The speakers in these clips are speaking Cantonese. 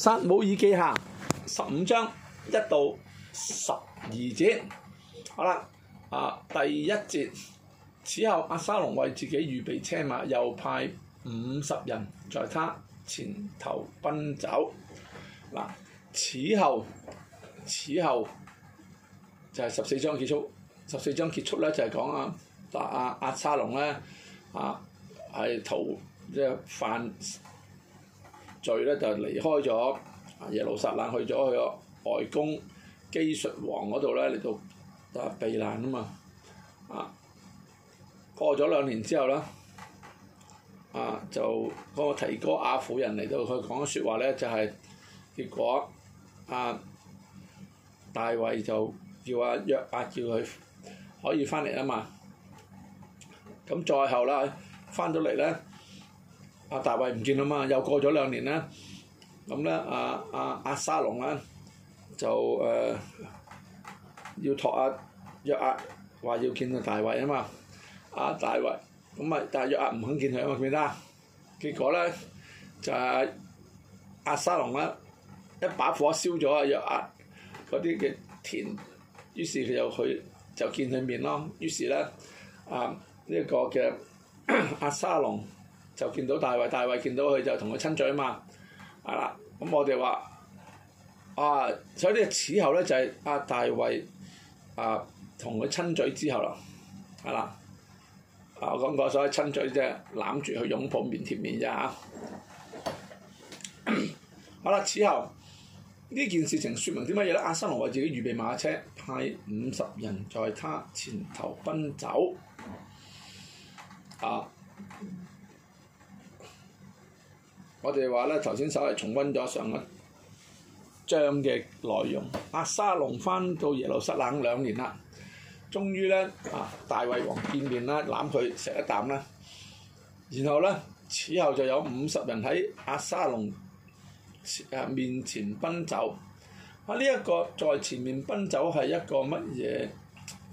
撒母耳記下十五章一到十二節，好啦，啊第一節，此後阿撒龍為自己預備車馬，又派五十人在他前頭奔走。嗱、啊，此後，此後就係十四章結束。十四章結束咧，就係、是、講啊，阿阿亞撒龍咧，啊係逃即係犯。佢咧就離開咗耶路撒冷，去咗去咗外公基述王嗰度咧，嚟到啊避難嘛啊嘛，啊過咗兩年之後咧啊，就嗰、那個提哥亞婦人嚟到佢講説話咧就係、是、結果啊大衛就叫阿約伯叫佢可以翻嚟啊嘛，咁再後啦翻到嚟咧。阿大衞唔見啊嘛，又過咗兩年啦。咁咧阿阿阿沙龍咧就誒、呃、要托阿約押話要見佢大衞啊嘛，阿大衞咁啊，但係約押唔肯見佢啊嘛，見唔見得？結果咧就係、啊、阿、啊啊、沙龍咧一把火燒咗阿約押嗰啲嘅田，於是佢就去就見佢面咯，於是咧啊呢一、這個嘅阿、啊啊、沙龍。就見到大衛，大衛見到佢就同佢親嘴啊嘛，啊啦，咁我哋話啊，所以咧，此後咧就係、是、阿、啊、大衛啊同佢親嘴之後咯，啊啦，啊我講過，所以親嘴即係攬住佢擁抱，擁抱面面、啊、面貼面啫嚇。好啦，此後呢件事情説明啲乜嘢咧？押沙龍為自己預備馬車，派五十人在他前頭奔走啊。我哋話咧，頭先稍為重溫咗上一章嘅內容。阿沙龍翻到耶路撒冷兩年啦，終於咧啊大衛王見面啦，攬佢錫一啖啦。然後咧，此後就有五十人喺阿沙龍、呃、面前奔走。啊！呢、這、一個在前面奔走係一個乜嘢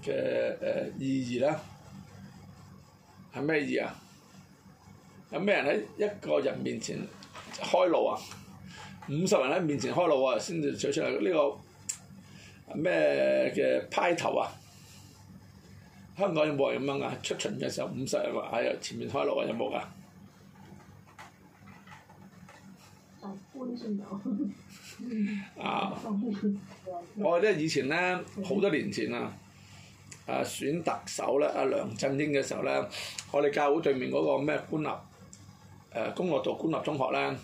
嘅誒意義咧？係咩意思啊？有咩人喺一個人面前？開路啊！五十人喺面前開路啊，先至取出來、這、呢個咩嘅、啊、派頭啊！香港有冇咁樣啊？出巡嘅時候五十人喺前面開路啊！有冇㗎？ 啊！我咧以前咧好多年前啊，誒、啊、選特首咧，阿梁振英嘅時候咧，我哋教會對面嗰個咩官立。誒、呃、公樂道官立中學啦，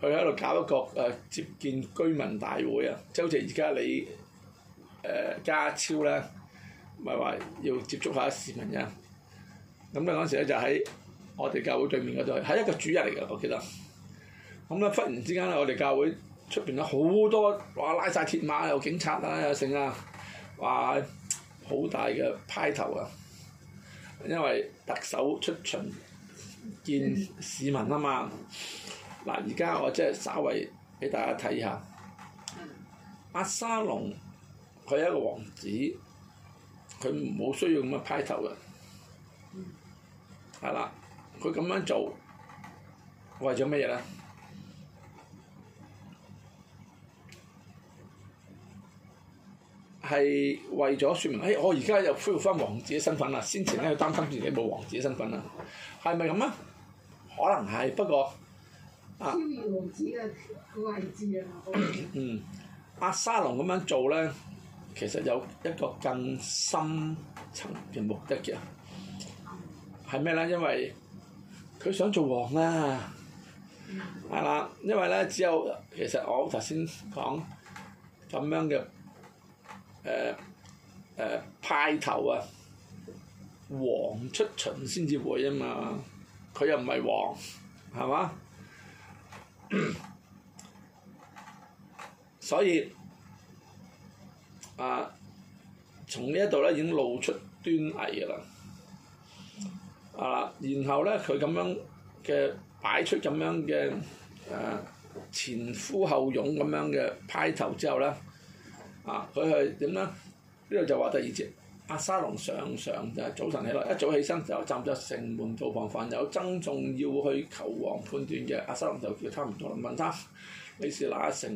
佢喺度搞一個誒、呃、接見居民大會啊！即好似而家李誒家超咧，咪話要接觸下市民啊。咁咧嗰陣時咧就喺我哋教會對面嗰度，係一個主日嚟嘅，我記得。咁、嗯、咧忽然之間咧，我哋教會出邊咧好多哇，拉晒鐵馬有警察啊，有成啊，話好大嘅派頭啊！因為特首出巡。見市民啊嘛，嗱，而家我即係稍微俾大家睇下，阿、啊、沙龍，佢係一個王子，佢冇需要咁樣派頭嘅，係、啊、啦，佢咁樣做為咗乜嘢咧？係為咗説明，誒我而家又恢復翻王子嘅身份啦，先前咧要擔心自己冇王子嘅身份啦，係咪咁啊？可能係，不過啊，王子嘅位置啊，嗯，阿沙龍咁樣做咧，其實有一個更深層嘅目的嘅，係咩咧？因為佢想做王啊，係啦，因為咧只有其實我頭先講咁樣嘅。誒誒、呃呃、派頭啊，王出巡先至會啊嘛，佢又唔係王，係嘛？ 所以啊，從呢一度咧已經露出端倪㗎啦。啊，然後咧佢咁樣嘅擺出咁樣嘅誒、啊、前呼後擁咁樣嘅派頭之後咧。啊！佢係點咧？呢度就話第二節，阿沙龍常常就係、是、早晨起來，一早起身就站咗城門做防範，有增重要去求王判斷嘅。阿沙龍就叫差唔多問他，你是哪城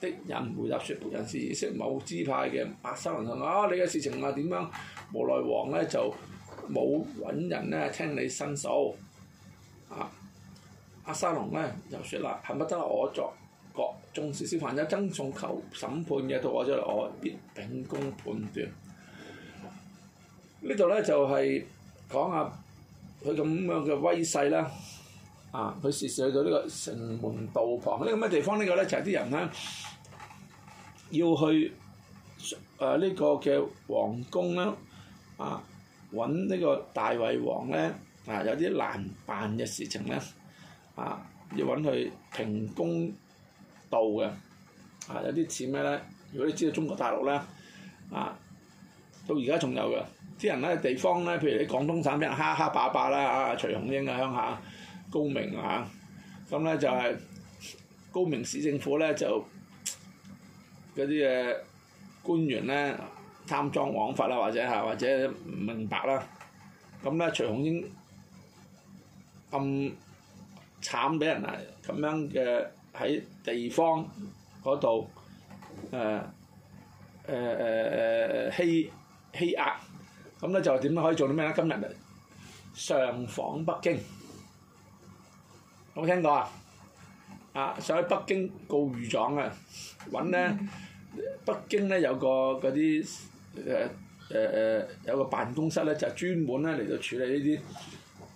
的人？回答說：，人是識冇支派嘅。阿沙龍就話、啊：，你嘅事情啊點樣？無奈王咧就冇揾人咧聽你申訴。啊！阿沙龍咧就説啦，恨不得我作。仲少少，凡有爭訟求審判嘅，到我出嚟，我必秉公判斷。呢度咧就係、是、講下佢咁樣嘅威勢啦。啊，佢涉涉到呢個城門道旁呢、呢個咩地方，呢個、呢個咧就係、是、啲人咧要去誒呢、呃呢個嘅皇宮咧啊揾呢個大衛王咧啊有啲難辦嘅事情咧啊要揾佢評公。到嘅，啊有啲似咩咧？如果你知道中國大陸咧，啊到而家仲有嘅，啲人咧地方咧，譬如你廣東省俾人蝦蝦霸霸啦，啊徐紅英嘅鄉下高明嚇，咁、啊、咧、嗯、就係、是、高明市政府咧就嗰啲嘅官員咧貪贓枉法啦，或者係或者唔明白啦，咁、啊、咧、嗯、徐紅英咁慘俾人啊咁樣嘅～喺地方嗰度，誒誒誒誒欺欺壓，咁、呃、咧、呃、就點樣可以做到咩咧？今日上訪北京，有冇聽過啊？啊，上去北京告御狀啊，揾咧、嗯、北京咧有個嗰啲誒誒誒有個辦公室咧，就是、專門咧嚟到處理呢啲。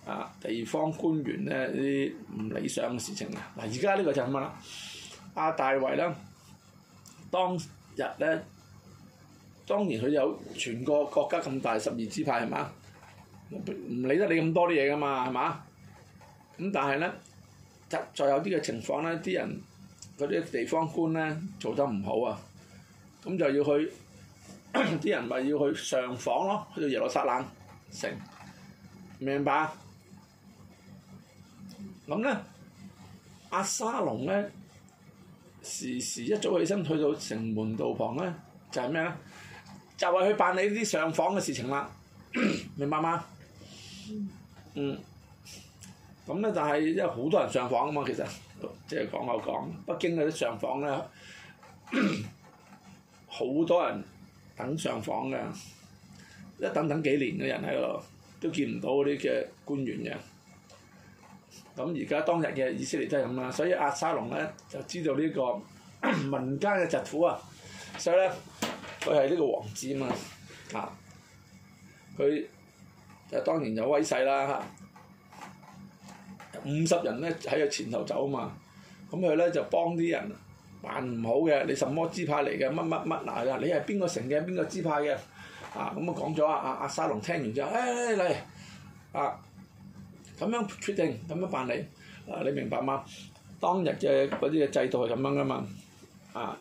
啊！地方官員咧呢啲唔理想嘅事情啊，嗱而家呢個就係乜啦？阿大衛咧，當日咧，當然佢有全個國家咁大十二支派係嘛？唔理得你咁多啲嘢噶嘛係嘛？咁但係咧，就再有啲嘅情況咧，啲人嗰啲地方官咧做得唔好啊，咁就要去啲 人咪要去上訪咯，去到耶路撒冷城，明唔明白？咁咧，阿、嗯啊、沙龍咧時時一早起身去到城門道旁咧，就係咩咧？就係、是、去辦理啲上訪嘅事情啦， 明白嗎？嗯。嗯。咁咧但係因為好多人上訪啊嘛，其實即係講又講，北京嗰啲上訪咧，好 多人等上訪嘅，一等等幾年嘅人喺度，都見唔到啲嘅官員嘅。咁而家當日嘅以色列都係咁啦，所以押沙龍咧就知道呢、這個 民間嘅疾苦啊，所以咧佢係呢個王子啊嘛，啊佢就當然有威勢啦嚇，五、啊、十人咧喺佢前頭走啊嘛，咁佢咧就幫啲人辦唔好嘅，你什麼支派嚟嘅乜乜乜嗱嗱，你係邊個城嘅邊個支派嘅，啊咁啊講咗啊啊押、啊啊、沙龍聽完之後，誒、哎、嚟、哎哎、啊！咁樣決定，咁樣辦理，啊，你明白嗎？當日嘅嗰啲嘅制度係咁樣噶嘛，啊，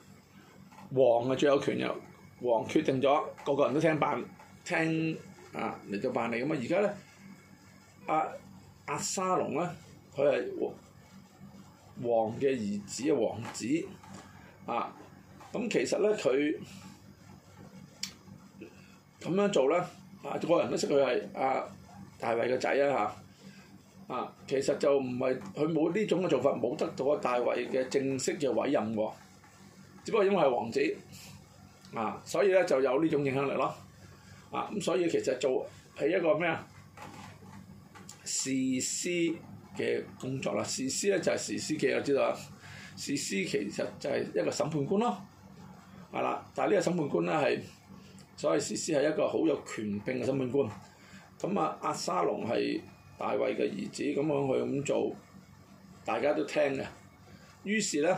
王啊最有權，由王決定咗，個個人都聽辦，聽啊嚟到辦理咁啊。而家咧，阿押沙龍咧，佢係王嘅兒子啊王子，啊，咁、嗯、其實咧佢咁樣做咧，啊個人都識佢係阿大衛個仔啊嚇。啊，其實就唔係佢冇呢種嘅做法，冇得到阿大衛嘅正式嘅委任喎。只不過因為係王子，啊，所以咧就有呢種影響力咯。啊，咁所以其實做係一個咩啊？士師嘅工作啦，士師咧就係士師記嘅，我知道啦。士師其實就係一個審判官咯，係啦。但係呢個審判官咧係，所謂士師係一個好有權柄嘅審判官。咁啊，押沙龍係，大衛嘅兒子咁樣去咁做，大家都聽嘅。於是咧，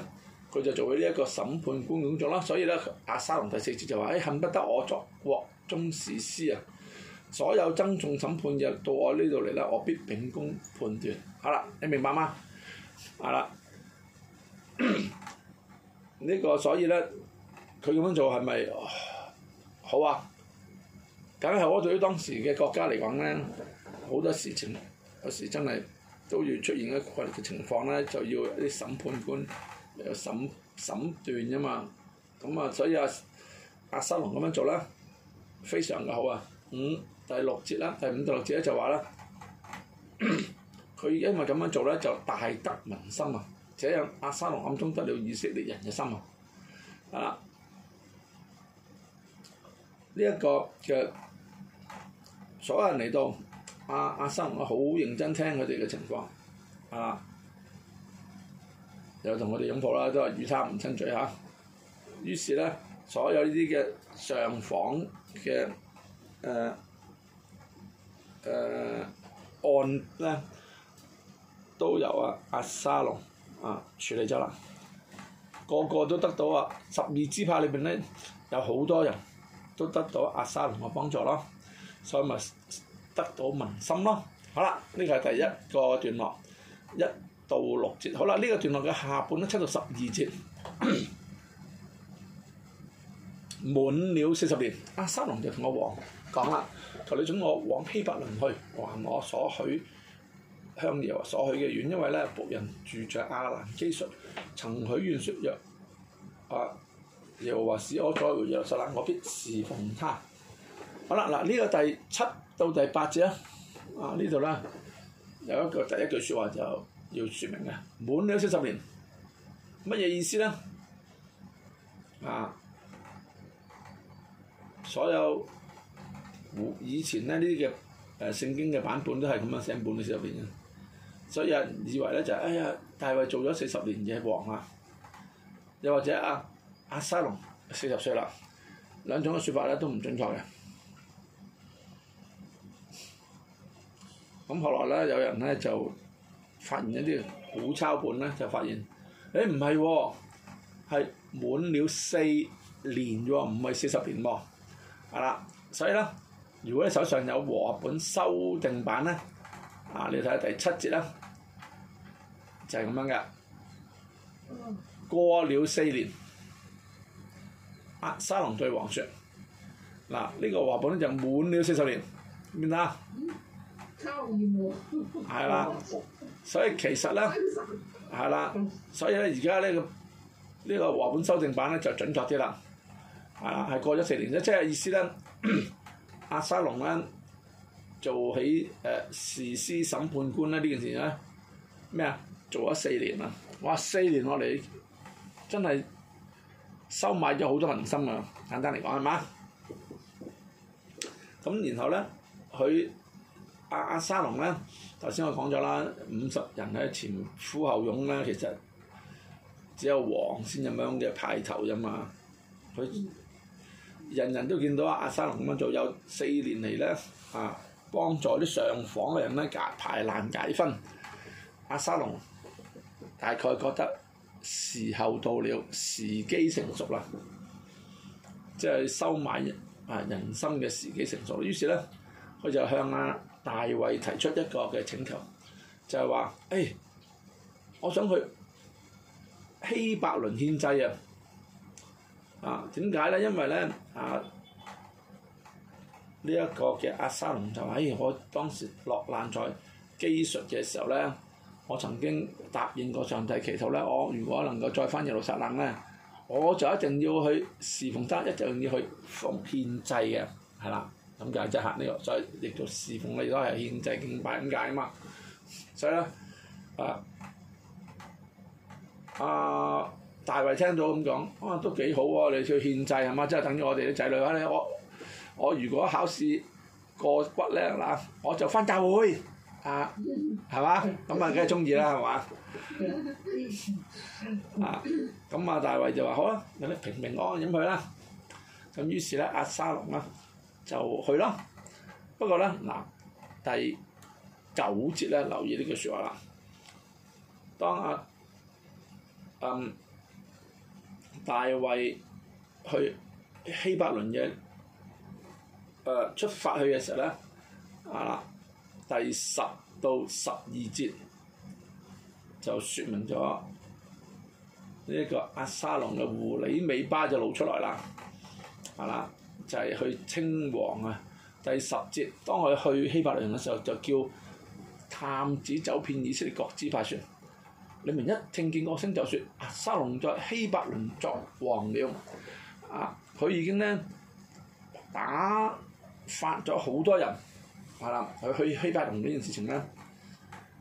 佢就做咗呢一個審判官咁做啦。所以咧，押沙龍第四節就話：誒、哎，恨不得我作國中士師啊！所有爭重審判嘅到我呢度嚟咧，我必秉公判斷。 好啦，你明白嗎？好啦，呢、這個所以咧，佢咁樣做係咪好啊？梗係我對於當時嘅國家嚟講咧。好多事情有時真係都要出現一啲困難嘅情況咧，就要一啲審判官有審審斷㗎嘛。咁啊，所以阿、啊、押沙龍咁樣做啦，非常嘅好啊。五第六節啦、啊，第五第六節咧、啊、就話啦、啊，佢 因為咁樣做咧就大得民心啊，這樣押沙龍暗中得了以色列人嘅心啊。呢、啊、一、這個就所有人嚟到。啊啊、阿阿沙龍，我、啊、好認真聽佢哋嘅情況，啊，又同我哋擁抱啦，都係與他唔親嘴嚇、啊。於是咧，所有呢啲嘅上訪嘅誒誒案咧，都由阿阿沙龍啊處理咗啦。個個都得到啊，十二支派裏邊咧有好多人都得到阿沙龍嘅幫助咯，所以咪。啊啊得到民心咯，好啦，呢個係第一個段落，一到六節，好啦，呢、這個段落嘅下半咧七到十二節，滿了四十年，押沙龍就同我王講啦，求你准我往希伯倫去，還我所許向耶和華所許嘅願，因為咧僕人住着亞蘭基述，曾許願説若啊，耶和華使我再回耶路撒冷，我必侍奉他。好啦，嗱、這、呢個第七到第八節啊，啊呢度咧有一句第一句説話就要説明嘅，滿咗四十年，乜嘢意思咧？啊，所有以前咧呢啲嘅誒聖經嘅版本都係咁樣寫滿咗四十年嘅，所以有人以為咧就係、是、哎呀大衛做咗四十年嘅王啦，又或者阿阿、啊啊、沙龍四十歲啦，兩種嘅説法咧都唔準確嘅。咁後來咧，有人咧就發現一啲古抄本咧，就發現，誒唔係喎，係滿了四年啫喎，唔係四十年喎，係啦，所以咧，如果你手上有和合本修訂版咧，啊，你睇第七節啦，就係、是、咁樣嘅，過了四年，押沙龍對王說，嗱、啊、呢、這個和合本咧就滿了四十年，明唔明啊？係啦，所以其實咧，係啦，所以咧而家咧，個呢個和合本修正版咧就準確啲啦，係啦，係過咗四年啫，即係意思咧，阿、啊、沙龍咧做起誒士師審判官咧呢件事咧，咩啊做咗四年啦，哇四年我哋真係收買咗好多民心啊，簡單嚟講係嘛？咁然後咧佢。阿阿沙龍咧，頭先我講咗啦，五十人咧前呼後擁咧，其實只有王先咁樣嘅派頭啫嘛。佢人人都見到阿阿沙龍咁樣做，有四年嚟咧啊幫助啲上訪嘅人咧解排難解分。阿沙龍大概覺得時候到了，時機成熟啦，即係收買啊人心嘅時機成熟。於是咧，佢就向阿、啊大衛提出一個嘅請求，就係話：誒，我想去希伯倫獻祭啊！啊，點解咧？因為咧，啊，呢一個嘅押沙龍就誒，我當時落難在基述嘅時候咧，我曾經答應過上帝祈禱咧，我如果能夠再返耶路撒冷咧，我就一定要去侍奉他，一定要去奉獻祭嘅，係啦。咁就即係呢個，所以亦都侍奉你都係獻祭、敬拜咁解啊嘛，所以咧啊啊大衛聽到咁講，啊都幾好喎、啊！你去獻祭係嘛，即係、就是、等於我哋啲仔女咧，我我如果考試過骨咧嗱，我就返教會啊，係嘛？咁 啊梗係中意啦，係嘛？啊咁啊大衛就話好啦，有啲平平安安去啦，咁於是咧押、啊、沙龍啦、啊。就去咯，不過咧嗱，第九節咧留意呢句説話啦。當阿、啊、嗯大衛去希伯倫嘅誒出發去嘅時候咧，啊第十到十二節就説明咗呢一個押沙龍嘅狐狸尾巴就露出嚟啦，係、啊、啦。就係去稱王啊！第十節，當佢去希伯倫嘅時候，就叫探子走遍以色列各支派說，你明一聽見個聲就說啊，沙龍在希伯倫作王了。啊，佢已經咧打發咗好多人，係、啊、啦，佢去希伯倫呢件事情咧。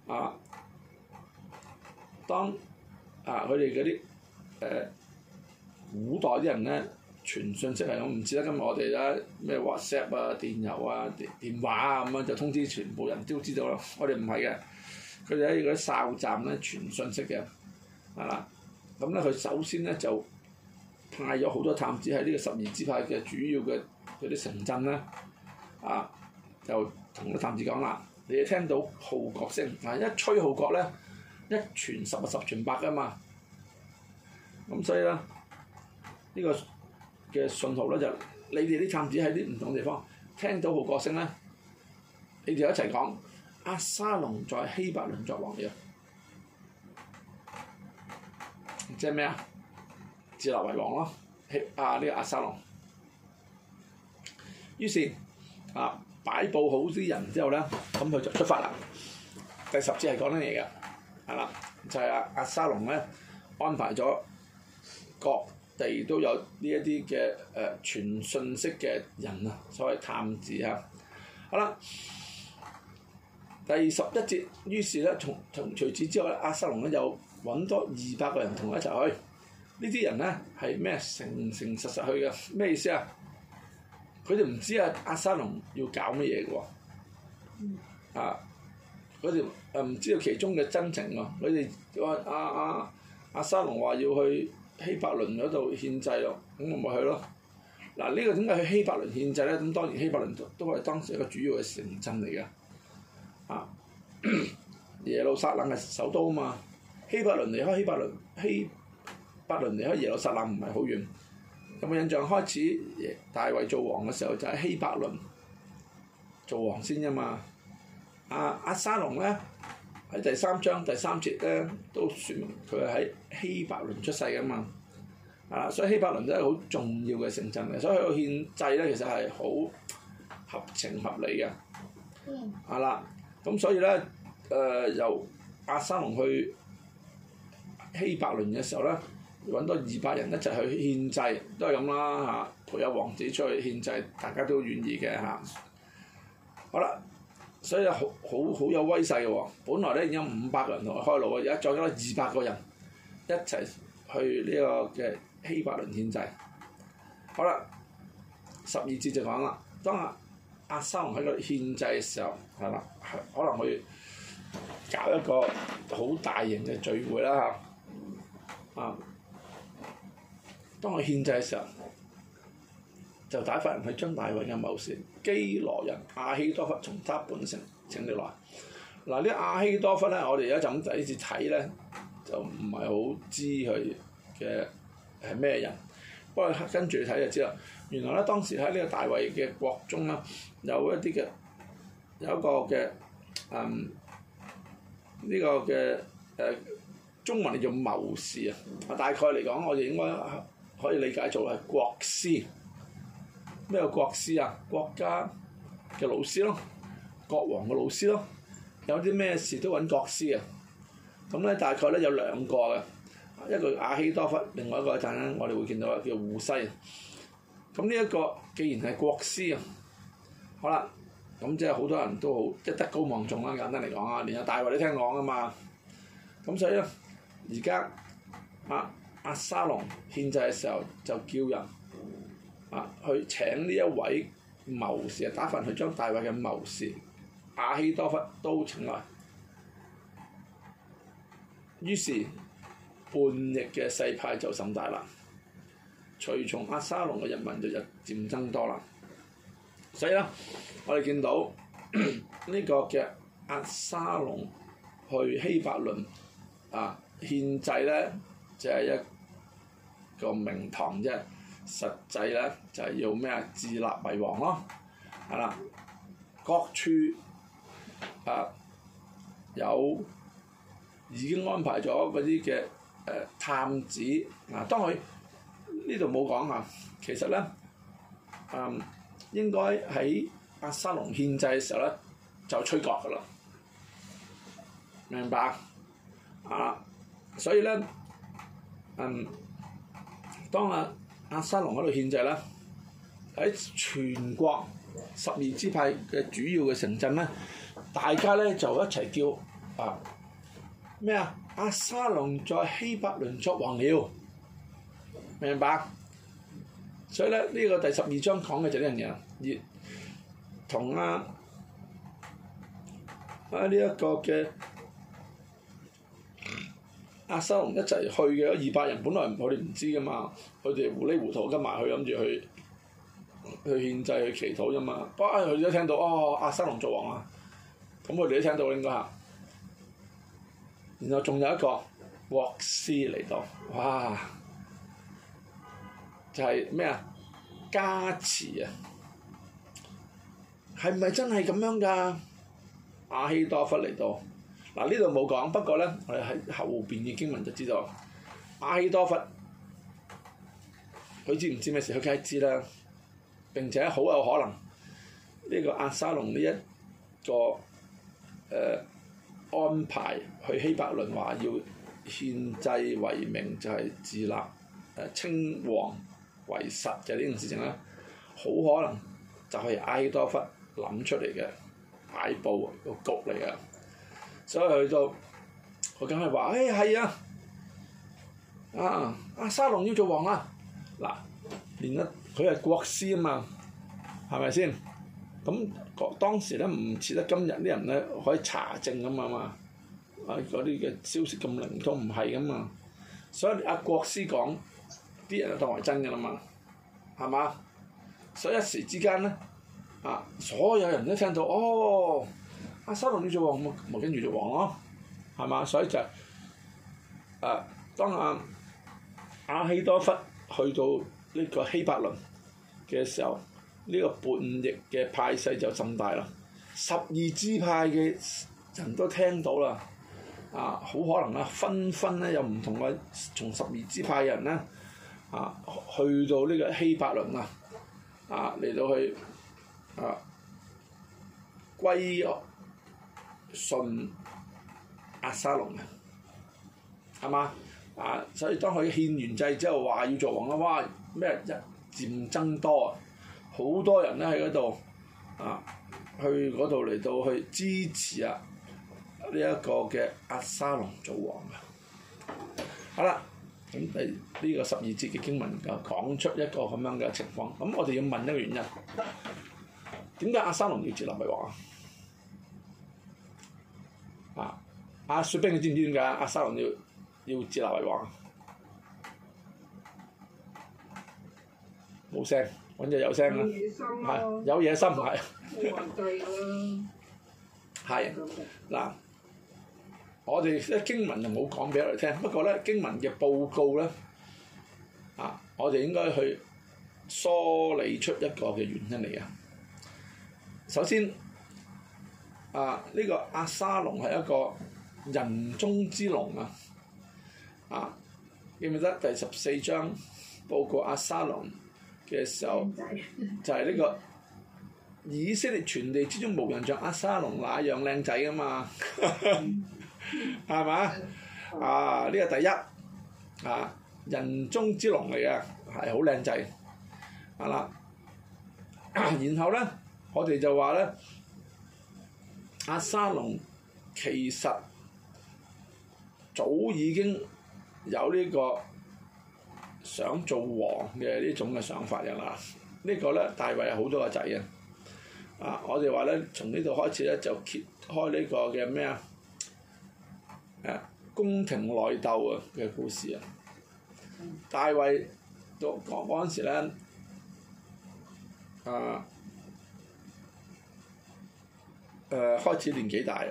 啊，當啊，佢哋嗰啲誒古代啲人咧。傳信息係我唔知啦。今日我哋咧咩 WhatsApp 啊、電郵啊、電電話啊咁樣就通知全部人都知道啦。我哋唔係嘅，佢哋喺嗰啲哨站咧傳信息嘅，係、啊、嘛？咁咧佢首先咧就派咗好多探子喺呢個十二支派嘅主要嘅嗰啲城鎮咧，啊，就同啲探子講啦，你要聽到號角聲，嗱、啊、一吹號角咧，一傳十啊十傳百㗎嘛。咁、啊、所以咧，呢、這個。嘅信號咧就是，你哋啲探子喺啲唔同地方聽到號角聲咧，你哋一齊講，押沙龍在希伯倫作王嘅，即係咩啊？自立為王咯，希呢、啊這個押沙龍，於是啊擺佈好啲人之後咧，咁佢就出發啦。第十節係講緊嘢㗎？係啦，就係亞亞押沙龍咧安排咗各。地都有呢一啲嘅誒傳信息嘅人啊，所謂探子啊。好啦，第十一節，於是咧，從從除此之外咧，押沙龍咧又揾多二百個人同我一齊去。呢啲人咧係咩？誠誠實實去嘅，咩意思啊？佢哋唔知啊，啊，押沙龍要搞乜嘢嘅喎。啊！佢哋誒唔知道其中嘅真情喎。佢哋話阿阿押沙龍話要去。希伯倫嗰度獻祭咯，咁我咪去咯。嗱，這個、呢個點解去希伯倫獻祭咧？咁當然希伯倫都都係當時一個主要嘅城鎮嚟㗎。啊， 耶路撒冷係首都啊嘛。希伯倫，離開希伯倫，希伯倫離開耶路撒冷唔係好遠。有冇印象？開始大衛做王嘅時候就喺、是、希伯倫做王先啊嘛。阿、啊、阿、啊、沙龍咧。喺第三章第三節咧，都説明佢係喺希伯倫出世嘅嘛，啊，所以希伯倫真係好重要嘅城鎮嘅，所以佢個獻祭咧其實係好合情合理嘅，啊啦，咁所以咧，誒、呃、由押沙龍去希伯倫嘅時候咧，揾多二百人一齊去獻祭，都係咁啦嚇，陪有王子出去獻祭，大家都願意嘅嚇，好啦。所以好好好有威勢嘅喎，本來咧已經五百個人同佢開路嘅，而家再加二百個人一齊去呢、這個嘅希伯崙獻祭，好啦，十二節就講啦，當押沙龍喺度獻祭嘅時候，係啦，可能去搞一個好大型嘅聚會啦嚇，啊，當佢獻祭嘅時候，就打發人去張大衛嘅謀士。基羅人亞希多弗從他本城請你來，嗱呢亞希多弗咧，我哋而家就咁第一次睇咧，就唔係好知佢嘅係咩人，不過跟住睇就知道，原來咧當時喺呢個大衞嘅國中咧，有一啲嘅有一個嘅誒呢個嘅誒、呃、中文叫做謀士啊，大概嚟講，我哋應該可以理解做係國師。咩叫國師啊？國家嘅老師咯，國王嘅老師咯，有啲咩事都揾國師啊。咁咧大概咧有兩個嘅，一個亞希多弗，另外一個陣咧我哋會見到叫胡西啊。咁呢一個既然係國師啊，好啦，咁即係好多人都好，即係德高望重啦。簡單嚟講啊，連阿大衛都聽講啊嘛。咁所以咧，而家阿押沙龍獻祭嘅時候就叫人。去佢請呢一位謀士啊，打份去將大衛嘅謀士阿希多弗都請來，於是叛逆嘅勢派就甚大啦。隨從阿沙龍嘅人民就日漸增多啦。所以咧，我哋見到呢、 呢個嘅阿沙龍去希伯倫啊獻祭咧，就係、是、一個名堂啫。實際咧就係、是、要咩啊？自立為王咯，係啦，各處啊、呃、有已經安排咗嗰啲嘅誒探子啊、呃，當佢呢度冇講啊，其實咧嗯、呃、應該喺押沙龍獻祭嘅時候咧就吹角噶啦，明白啊、呃？所以咧嗯、呃，當啊、呃阿沙龍喺度憲制啦，喺全國十二支派嘅主要嘅城鎮咧，大家咧就一齊叫啊咩啊？阿沙龍在希伯倫作王了，明白？所以咧，呢、這個第十二章講嘅就呢樣嘢，同阿阿呢一個嘅。押沙龍一齊去嘅，二百人本來唔，佢哋唔知噶嘛，佢哋糊裏糊塗跟埋去，諗住去去獻祭，去祈禱啫嘛。不過，佢都聽到哦，押沙龍做王啊！咁我哋都聽到應該係。然後仲有一個，霍斯嚟到，哇！就係咩啊？加持啊！係唔係真係咁樣㗎？亞希多弗嚟到。嗱，呢度冇講，不過咧，我哋喺後邊嘅經文就知道，阿希多弗，佢知唔知咩事？佢梗係知啦。並且好有可能，呢、這個阿沙龍呢一個誒、呃、安排去希伯倫話要獻祭為名就係、是、自立誒稱王為實，就係、是、呢件事情啦。好可能就係阿希多弗諗出嚟嘅擺佈個局嚟嘅。所以佢就，我梗係話，誒、哎、係啊，啊啊沙龍要做王啊，嗱，連得佢係國師啊嘛，係咪先？咁當時咧唔似得今日啲人咧可以查證咁啊嘛，啊嗰啲嘅消息咁靈通唔係咁嘛。所以阿、啊、國師講，啲人就當為真㗎啦嘛，係嘛？所以一時之間咧，啊所有人都聽到哦。阿沙龍呢做王冇冇跟住做王咯，係嘛？所以就誒、是呃、當阿、啊、阿希多弗去到呢個希伯倫嘅時候，呢、這個叛逆嘅派勢就增大啦。十二支派嘅人都聽到啦，呃、啊，好可能啦，紛紛咧有唔同嘅從十二支派人咧，啊、呃、去到呢個希伯倫啊，啊、呃、嚟到去啊歸。呃歸信阿沙龍嘅，係嘛？啊，所以當佢獻完祭之後話要做王啦，哇！咩一漸增多啊，好多人咧喺嗰度啊，去嗰度嚟到去支持啊呢一、這個嘅阿沙龍做王嘅、啊。好、啊、啦，咁第呢個十二節嘅經文就講出一個咁樣嘅情況，咁我哋要問一個原因，點解阿沙龍要接納米娃？阿水、啊、兵你知唔知點解？阿、啊、沙龍要要自立為王。冇聲，揾隻有聲嘅，係有野心係、啊。冇限制係嗱，我哋一經文就冇講俾我哋聽，不過咧經文嘅報告咧，啊，我哋應該去梳理出一個嘅原因嚟啊。首先，啊呢、這個阿、啊、沙龍係一個。人中之龍啊！啊，記唔記得第十四章報告阿沙龍嘅時候，仔就係呢、呢個 以色列全地之中無人像阿沙龍那樣靚仔噶嘛，係嘛？啊，呢個第一啊，人中之龍嚟啊，係好靚仔，啊啦。然後咧，我哋就話咧，阿、啊、沙龍其實。早已經有呢個想做王嘅呢種嘅想法嘅啦，呢個、呢個咧，大衛有好多個仔嘅，啊，我哋話咧，從呢度開始咧，就揭開呢個嘅咩啊，誒，宮廷內鬥嘅嘅故事啊，大衛讀講嗰陣時咧，啊，誒、呃、開始年紀大。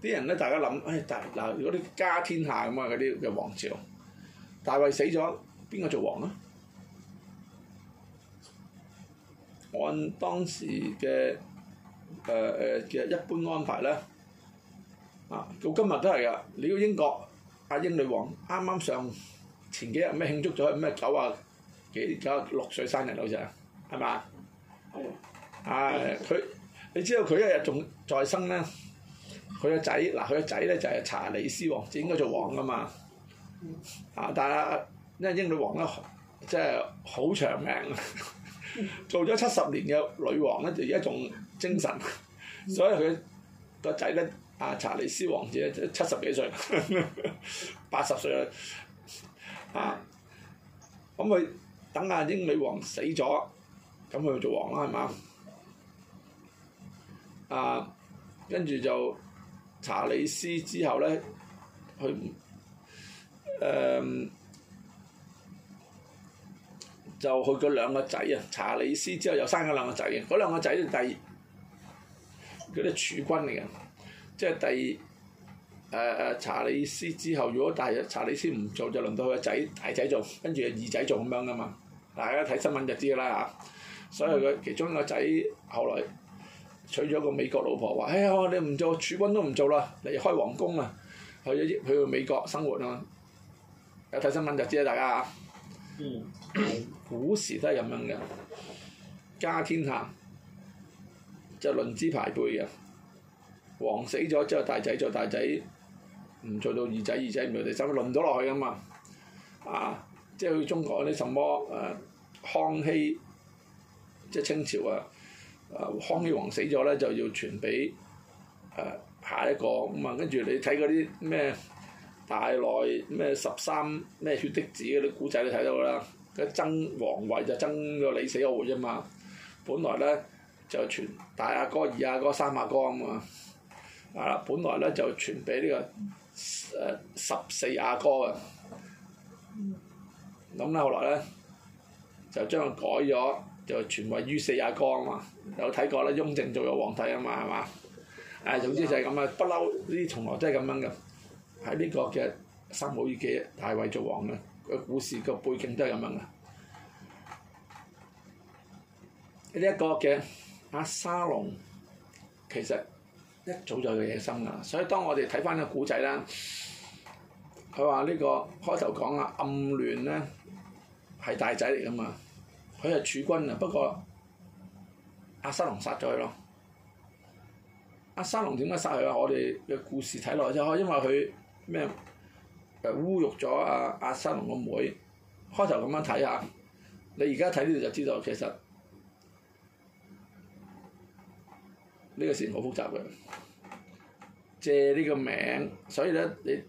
啲人咧，大家諗，唉大嗱，如果你家天下咁啊，嗰啲嘅王朝，大衛死咗，邊個做王啊？按當時嘅誒誒嘅一般安排咧，啊，到今日都係噶，你個英國阿英女王啱啱上前幾日咩慶祝咗咩九啊幾九啊六歲生日好似係嘛？係咪？啊、哎！佢你知道佢一日仲在生咧？佢個仔嗱，佢個仔咧就係查理斯王子應該做王噶嘛。啊，但係因為英女王咧，即係好長命，做咗七十年嘅女王咧，就而家仲精神。所以佢個仔咧，阿查理斯王子即係七十幾歲，八十歲啦。啊，咁佢、啊、等下英女王死咗，咁佢做王啦，係嘛？啊，跟住就。查理斯之後咧，佢誒、呃、就去咗兩個仔啊！查理斯之後又生咗兩個仔，嗰兩個仔咧第二啲儲君嚟嘅，即係第誒誒、呃、查理斯之後，如果第查理斯唔做，就輪到佢個仔大仔做，跟住二仔做咁樣噶嘛。大家睇新聞就知啦嚇，所以佢其中一個仔後來，娶咗個美國老婆，話，哎呀，你唔做儲君都唔做啦，你開皇宮啊，去咗去美國生活啊。有睇、嗯、新聞就知啦，大家。嗯。古時都係咁樣嘅，家天下就論、是、資排輩嘅，王死咗之後，就是、大仔做大仔，唔做到二仔二仔唔做到第三，輪咗落去㗎嘛。啊，即係去中國啲什麼誒、呃、康熙，即、就、係、是、清朝啊。啊，康熙王死咗咧，就要傳俾誒、呃、下一個咁啊，跟、嗯、住你睇嗰啲咩大內咩十三咩血滴子嗰啲古仔，你睇到啦。佢爭皇位就爭個你死我活啫嘛。本來咧就傳大阿哥、二阿哥、三阿哥咁啊。啊、嗯，本來咧就傳俾呢、這個誒十四阿哥嘅，咁後來咧就將佢改咗。就傳位於四阿哥啊嘛，有睇過啦，雍正做咗皇帝啊嘛，係嘛？誒，總之就係咁啊，不嬲呢啲從來都係咁樣嘅。喺呢個嘅《撒母耳記》，大衛做王嘅個故事個背景都係咁樣嘅。呢、這、一個嘅阿沙龍，其實一早就有野心啦，所以當我哋睇翻個古仔啦，佢話呢個開頭講啊，暗嫩咧係大仔嚟噶嘛。佢係儲君啊，不過阿沙龍殺咗佢咯。阿沙龍點解殺佢啊？我哋嘅故事睇落就係因為佢咩誒侮辱咗阿阿沙龍個妹，妹。開頭咁樣睇下，你而家睇呢度就知道其實呢個事情好複雜嘅。借呢個名，所以咧你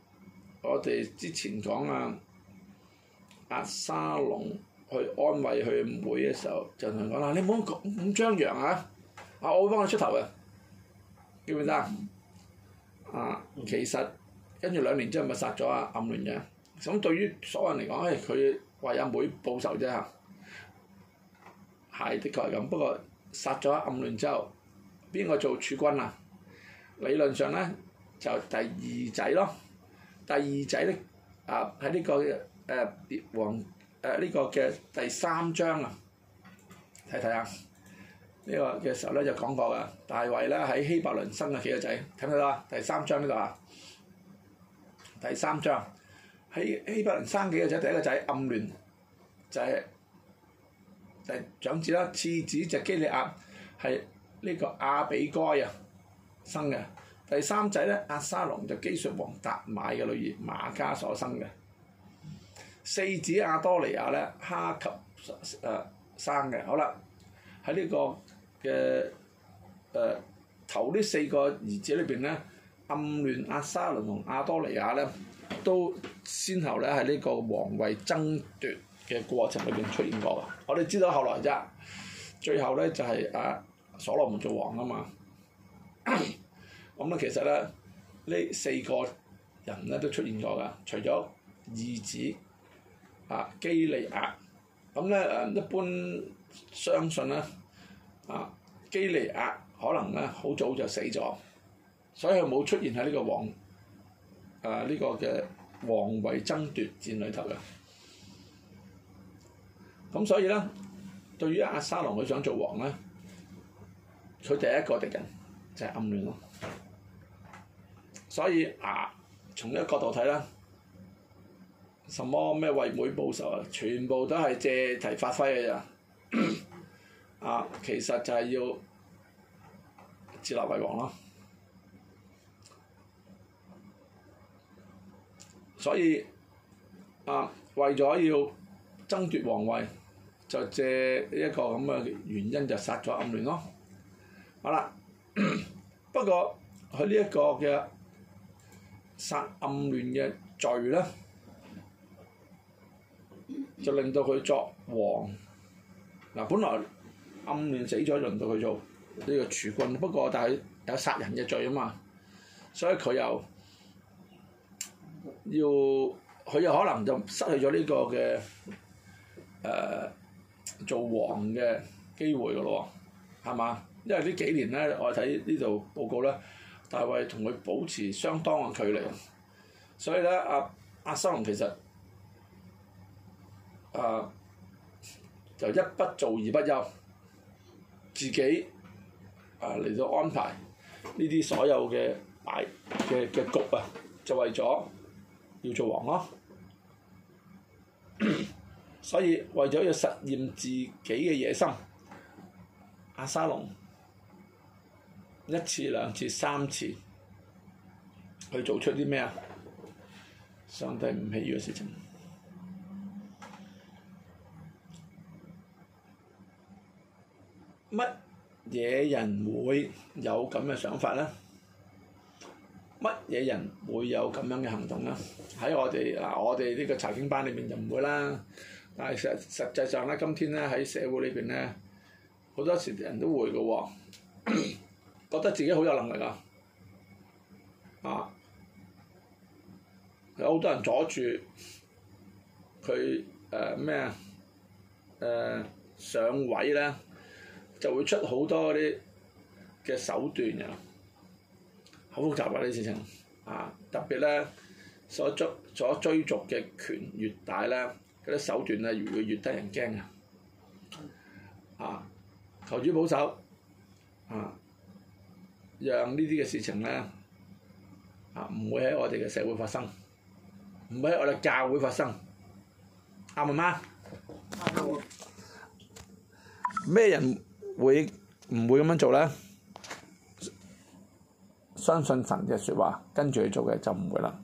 我哋之前講啊，阿沙龍。去安慰佢妹嘅時候，就同佢講啦，你唔好咁咁張揚啊！啊，我會幫佢出頭嘅，記唔記得啊？其實跟住兩年之後咪殺咗阿暗嫩咗，咁對於所有人嚟講，誒佢為阿妹報仇啫嚇，係的確係咁。不過殺咗阿暗嫩之後，邊個做儲君啊？理論上咧就第二仔咯，第二仔咧啊喺呢個誒王。誒呢、呃這個嘅第三章啊，睇睇啊，呢、這個嘅時候咧就講過噶，大衛咧喺希伯倫生咗幾個仔，睇唔睇到啊？第三章呢、這個啊，第三章喺希伯倫生幾個仔，第一個仔暗嫩就係、是、第、就是就是、長子啦，次子就基利押係呢個亞比該啊生嘅，第三仔咧押沙龍就是、基述王達買嘅女兒瑪迦所生嘅。四子亞多尼亞咧，哈及誒、呃、生嘅，好啦，喺呢、這個嘅誒、呃、頭呢四個兒子裏邊咧，暗嫩、押沙龍同亞多尼亞咧，都先後咧喺呢個皇位爭奪嘅過程裏邊出現過。我哋知道後來啫，最後咧就係、是、阿、啊、所羅門做王啊嘛。咁啦、 嗯，其實咧呢四個人咧都出現過噶，除咗二子。啊，基利亞咁咧，誒、嗯、一般相信咧，啊基利亞可能咧好早就死咗，所以佢冇出現喺呢個王誒呢、啊這個嘅王位爭奪戰裏頭嘅。咁、嗯、所以咧，對於阿沙龍佢想做王咧，佢第一個敵人就係、是、暗嫩咯。所以啊，從呢個角度睇咧。什麼咩為妹報仇啊？全部都係借題發揮嘅咋啊！ 啊，其實就係要自立為王咯。所以啊，為咗要爭奪皇位，就借一個咁嘅原因就殺咗暗嫩咯。好啦， 不過佢呢一個嘅殺暗嫩嘅罪咧。就令到佢作王，嗱，本來暗戀死咗，輪到佢做呢個儲君。不過但係有殺人嘅罪啊嘛，所以佢又要佢又可能就失去咗呢個嘅誒做王嘅機會噶咯喎，係嘛？因為呢幾年咧，我哋睇呢度報告咧，大衛同佢保持相當嘅距離，所以咧、啊，阿阿沙龍其實。啊！Uh, 就一不做二不休，自己啊嚟、uh, 到安排呢啲所有嘅擺嘅嘅局啊，就為咗要做王咯。 所以為咗要實現自己嘅野心，阿沙龍一次、兩次、三次去做出啲咩啊，上帝唔起嘅事情。乜嘢人會有咁嘅想法咧？乜嘢人會有咁樣嘅行動咧？喺我哋啊，我哋呢個查經班裏面就唔會啦。但係實實際上咧，今天咧喺社會裏邊咧，好多時人都會嘅喎、哦， 覺得自己好有能力啊！啊，有好多人阻住佢誒咩啊？誒、呃呃、上位咧？就會出好多啲嘅手段呀，好複雜啊呢啲事情啊，特別咧所追所追逐嘅權越大咧，啲手段咧越會越得人驚啊！啊，求主保守啊，讓呢啲嘅事情咧啊唔會喺我哋嘅社會發生，唔會喺我哋教會發生。啱唔啱？咩人？會唔會咁樣做咧？相信神嘅說話，跟住去做嘅就唔會啦。